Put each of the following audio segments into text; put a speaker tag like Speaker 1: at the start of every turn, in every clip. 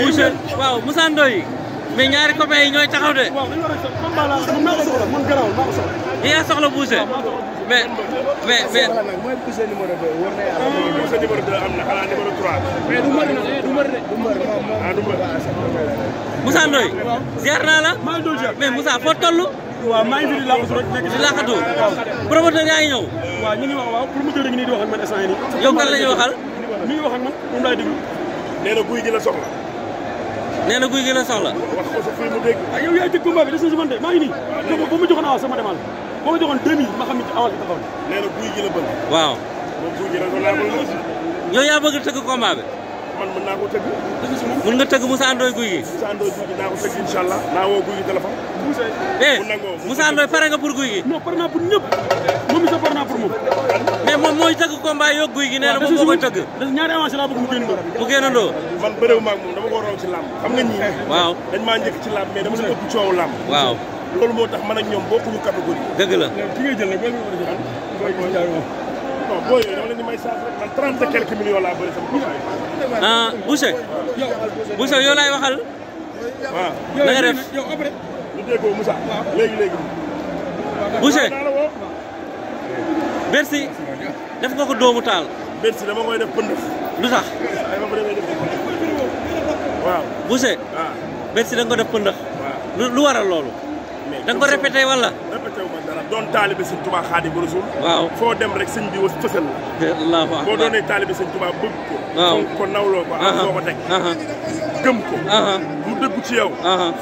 Speaker 1: monsieur waaw Moussa Ndoye mais ñaari copains yi ñooy taxaw de. waaw maa ko soxla man garaawul maa ko soxla. yaa soxla Boucher. mais mais mais. mooy Boucher numéro 2 war de du de. ah du mër. Moussa Ndoye. ziar naa la. maa ngi doon ziar mais Moussa foo toll. waaw maa ngi fi di laaxatu rek nekk ci laaxatu. waaw promoteur yaa ngi ñëw. ñu ngi wax waaw promoteur yi nii di wax ak man instant yii nee na guy gi la soxla wax ko sa fii mu dégg ah yow yaay jëg combat bi des na si man de maa ngi Nenek ba ma joxoon avance sama demal ba ma joxoon 2000 ma xam ne avance bi taxaw na nee gi la bëgg waaw moom guy gi la bëgg aussi yow bëgg tëgg combat bi man mën naa ko tëgg mën nga tëgg Moussa Ndoye guy gi Moussa Ndoye guy gi naa ko tëgg incha allah naa woo gi téléphone eh Moussa Ndoye pare nga pour guy gi non pare naa pour ñëpp moom sa pare naa pour mais gi ñaari avance bëgg mu man raw ci làmb xam nga waaw dañ maa njëkk ci làmb mais dama leen ëpp coow làmb waaw loolu moo tax man a ñoom bokkuñu catégorie dëgg la ki ngay jël nag booy non booy yooyu dama leen di laa bëri sama bopp ah Boucher Boucher yow laay waxal waaw na nga def yow après ñu déggoo Moussa léegi léegi Boucher Bercy def ko doomu taal Bercy dama koy def pëndëf lu tax waaw Boucher. Ah. waaw Bercy da nga ko def pëndëx. waaw lu waral loolu. da nga ko répété wala. répété doon taalibe sëñ Tuubaa Xaadimu Rasuul. waaw foo dem rek sëñ bi was fësal la. allahu akbar boo doonee taalibe sëñ Tuubaa bëgg ko. waaw ko nawloo ko am soo ko teg. gëm ko. mu dëgg ci yow.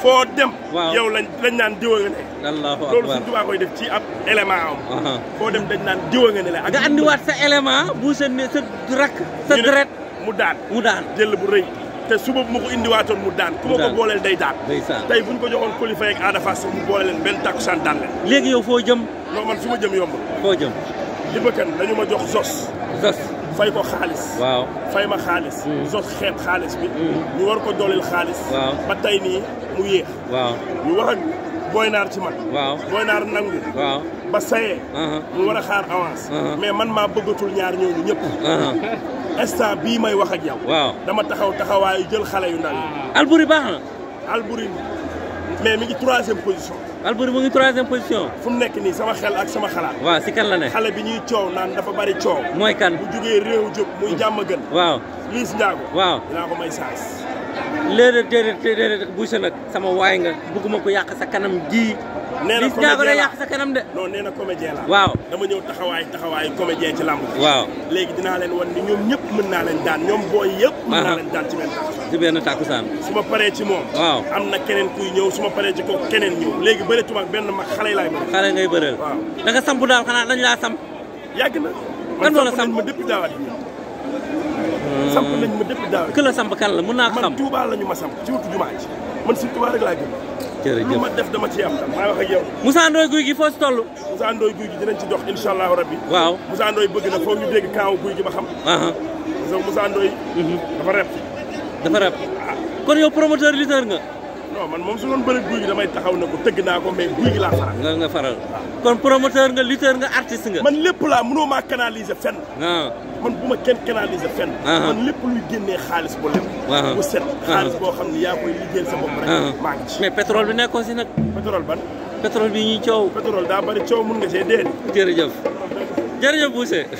Speaker 1: foo dem. yow lañ dañ naan diwa nga ne. allahu akbar loolu sëñ def ci ab élément am. foo dem dañ naan diwa nga ne la. ak nga andiwaat sa élément bu sa sa rakk sa deret mu daan mu daan jël bu rëy. te suba bu ma ko indiwaatoon mu daan ku ma ko booleel day daan tey bu ñu ko joxoon kolifa ak Ada Fass mu boole leen benn takkusaan daan leen léegi yow foo jëm non man fi ma jëm yomb foo jëm li bëkkan dañu ma jox zos zos fay ko xaalis waaw fay ma xaalis mm. zos xeeb xaalis bi mm. ñu war ko dooleel xaalis ba tey nii mu yéex waaw ñu wax ak booy naar ci man waaw booy naar nangu waaw ba sayee uh-huh. mu war a xaar avance uh-huh. mais man maa bëggatul ñaar ñooñu ñëpp uh-huh. instant bii may wax ak yow. waaw dama taxaw taxawaayu jël xale yu ndaw yi. Ah. Albouri baax na. Albouri mais ngi troisième position. Albouri mu ngi troisième position. fu mu nekk nii sama xel ak sama xalaat. waa si kan la ne. xale bi ñuy coow naan dafa bari coow. mooy kan bu jugee réew jub muy jàmm gën. waa Liss Ndiago. waaw dinaa ko may saas. léeg-léeg déedéet déedéet buuse nag sama waay nga bugguma ko yàq sa kanam ji. nee na comédien yàq sa kanam de. non nee na comédien la. waaw dama ñëw taxawaay taxawaayu comédien ci làmb. waaw léegi dinaa leen wan ni ñoom ñëpp mën naa leen daan ñoom booy yëpp. mën naa leen daan ci benn tàkkusaan. ci benn tàkkusaan. su ma paree ci moom. am na keneen kuy ñëw su ma paree ci kooku keneen ñëw. léegi bëri tubaab benn mag xale laa laay bëri. xale ngay bëreel. waaw da nga samp daal xanaa dañ laa samp. yàgg na. kan moo la samp man depuis sam samp nañ ma depuis daawaat. que kan la mën naa ko samp man Tuubaa la ñu ma sam ci wutu jumaa ji man si Tuubaa rek laa gëm lu ma def dama ci am maa wax yow Moussa Ndoye guy gi foo si toll Moussa Ndoye guy gi dinañ ci dox insha allahu rabbi waaw Moussa Ndoye bëgg na foog ñu dégg kaaw guy gi xam so Moussa Ndoye mhm. dafa rep dafa rep ah. kon yow promoteur lutteur nga non man moom su doon bëri guy gi damay taxaw na ko tëgg naa ko guy gi laa faral. nga nga faral kon promoteur nga lutteur nga artiste nga. man lépp laa mënoo maa canaliser fenn. Ah. man bu ma kenn canaliser fenn. Ah. man lépp luy génnee xaalis bu lépp. Ah. bu set xaalis boo xam ne yaa koy liggéeyal sa bopp rek. maa ngi ci mais pétrole bi nekkoon si nag. pétrole ban. pétrole bi ñuy coow. pétrole daa bari coow mun nga see dee. jërëjëf jërëjëf Boucher.